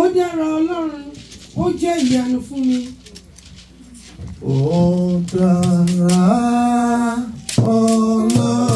ó dára ọlọ́run ó jẹ́ ìyanu fún mi. ó dára ọlọ́run.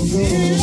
Yeah.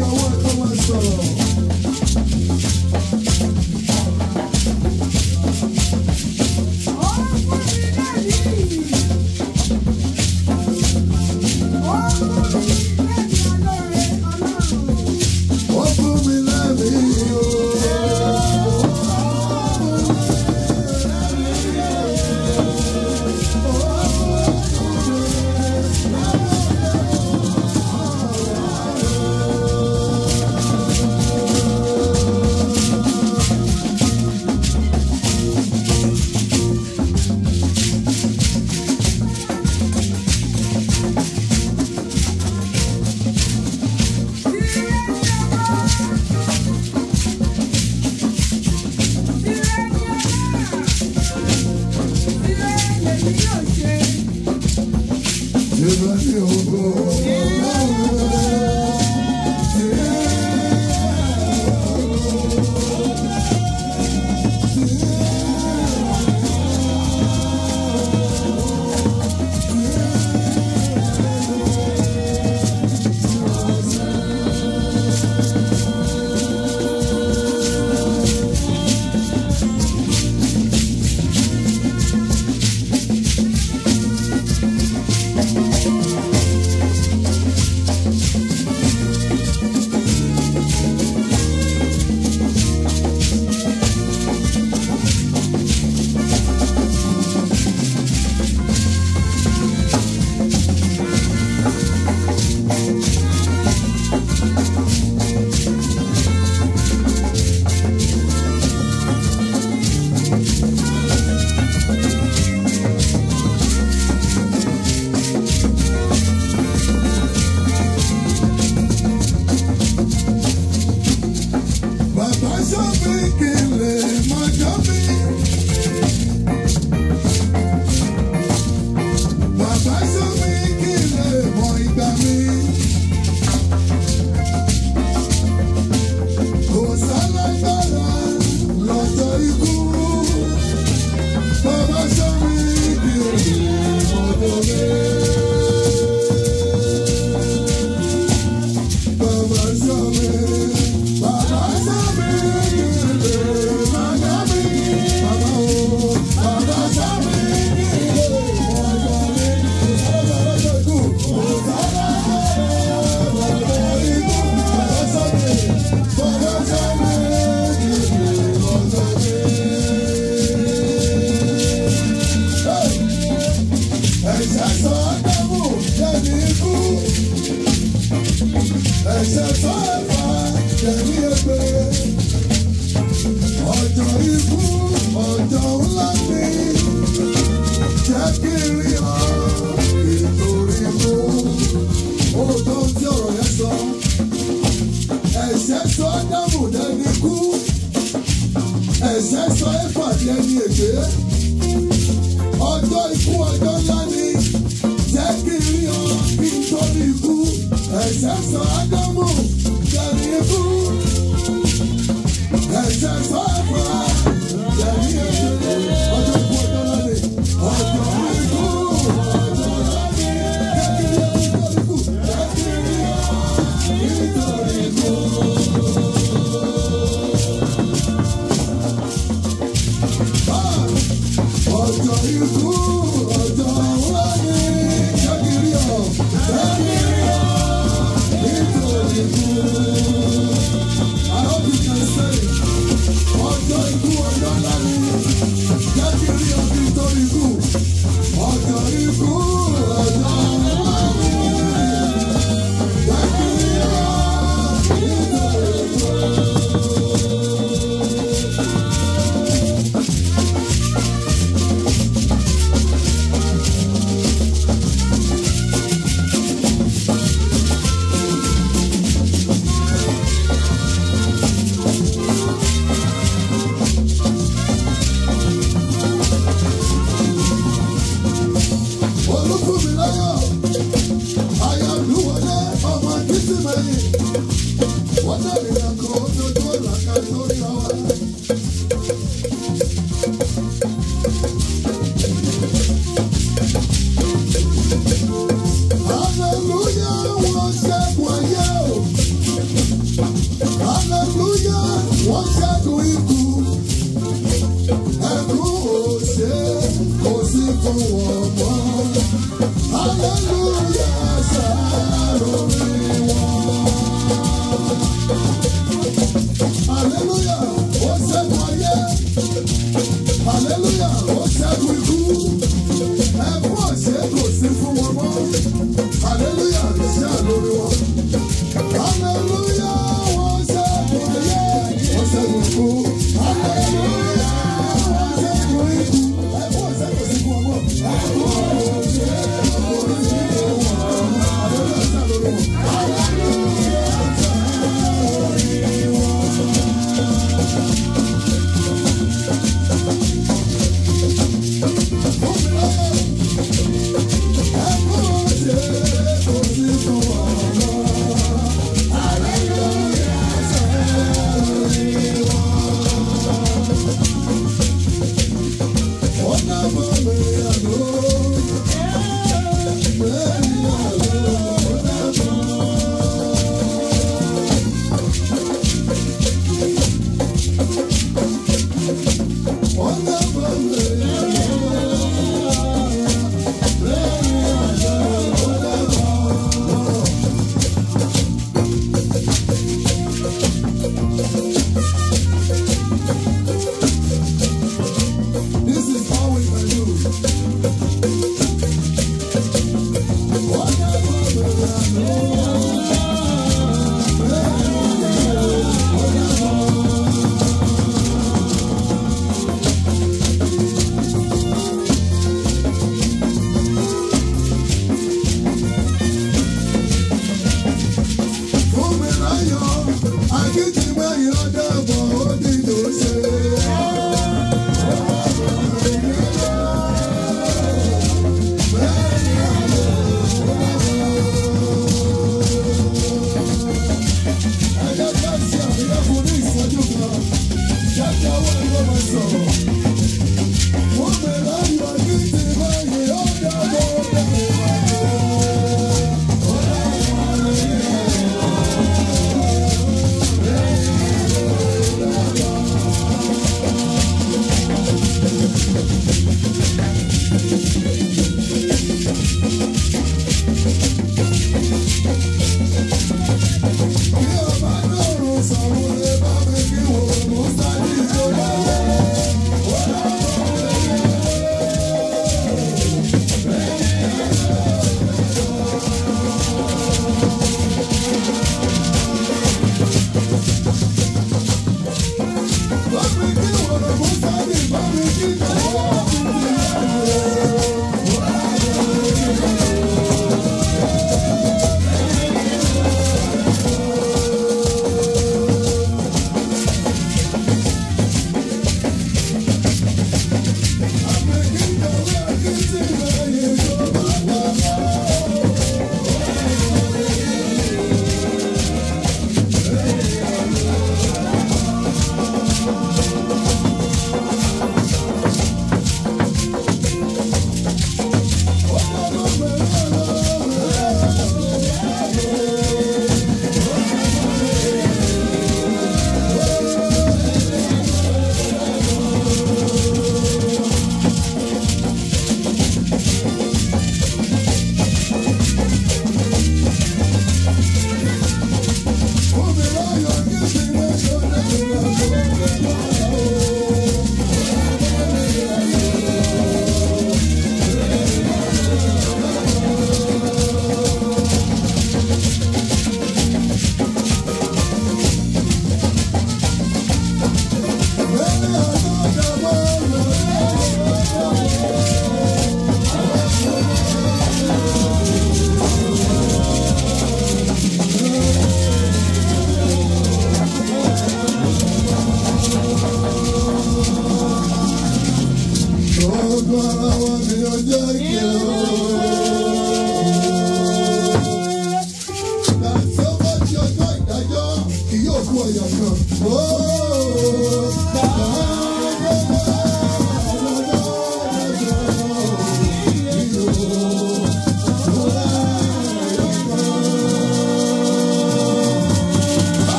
your work to one solo. ẹ̀ṣẹ̀ tó dẹ́kù jẹ̀bi ikú ẹ̀ṣẹ̀ tó ẹ̀fà jẹ̀bi ègbé ọjọ́ ikú ọjọ́ ńlá mi jẹ́ kí n rí ọ ìtorí mú ó tó ń tí ọ̀rọ̀ yẹn sọ ẹ̀ṣẹ̀ tó dẹ́kù jẹ̀bi ikú ẹ̀ṣẹ̀ tó ẹ̀fà jẹ̀bi ègbé. Maior da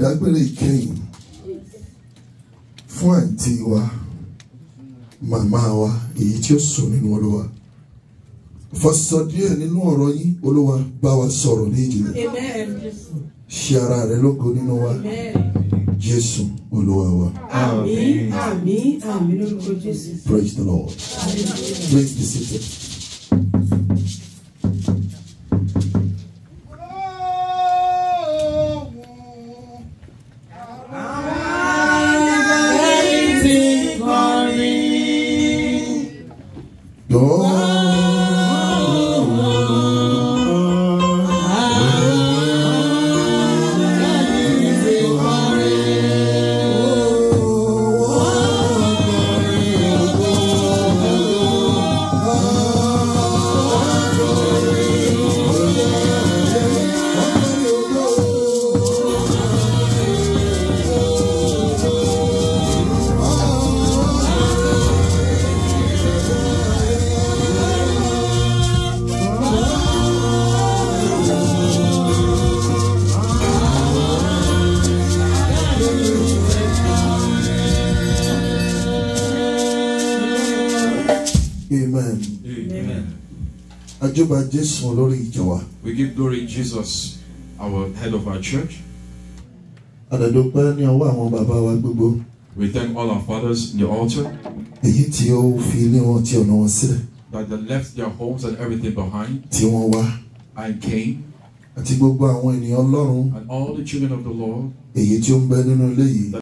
ìdágbére ìkẹyìn fún àǹtí wa màmá wa èyí tí ó sùn nínú olúwa fọsọ díẹ̀ nínú ọ̀rọ̀ yín olúwa bá wa sọ̀rọ̀ ní ìjìnlẹ̀ ṣe ara rẹ lógo nínú wa jésù olúwa wa. àmín àmín àmín lórúkọ jésù. praise the lord praise the city. Lord ajọba Jésù olórí ìjọ wa. we give glory to Jesus our head of our church. àdàdúpẹ́ ní ọwọ́ àwọn bàbá wa gbogbo. we thank all our fathers in the altar. èyí tí ó fi ilé wọn ti ọ̀nà wọn sílẹ̀. that they left their homes and everything behind. tí wọ́n wá. and came. àti gbogbo àwọn ènìyàn Ọlọ́run. and all the children of the Lord. èyí tí ó ń bẹ nínú ilé yìí.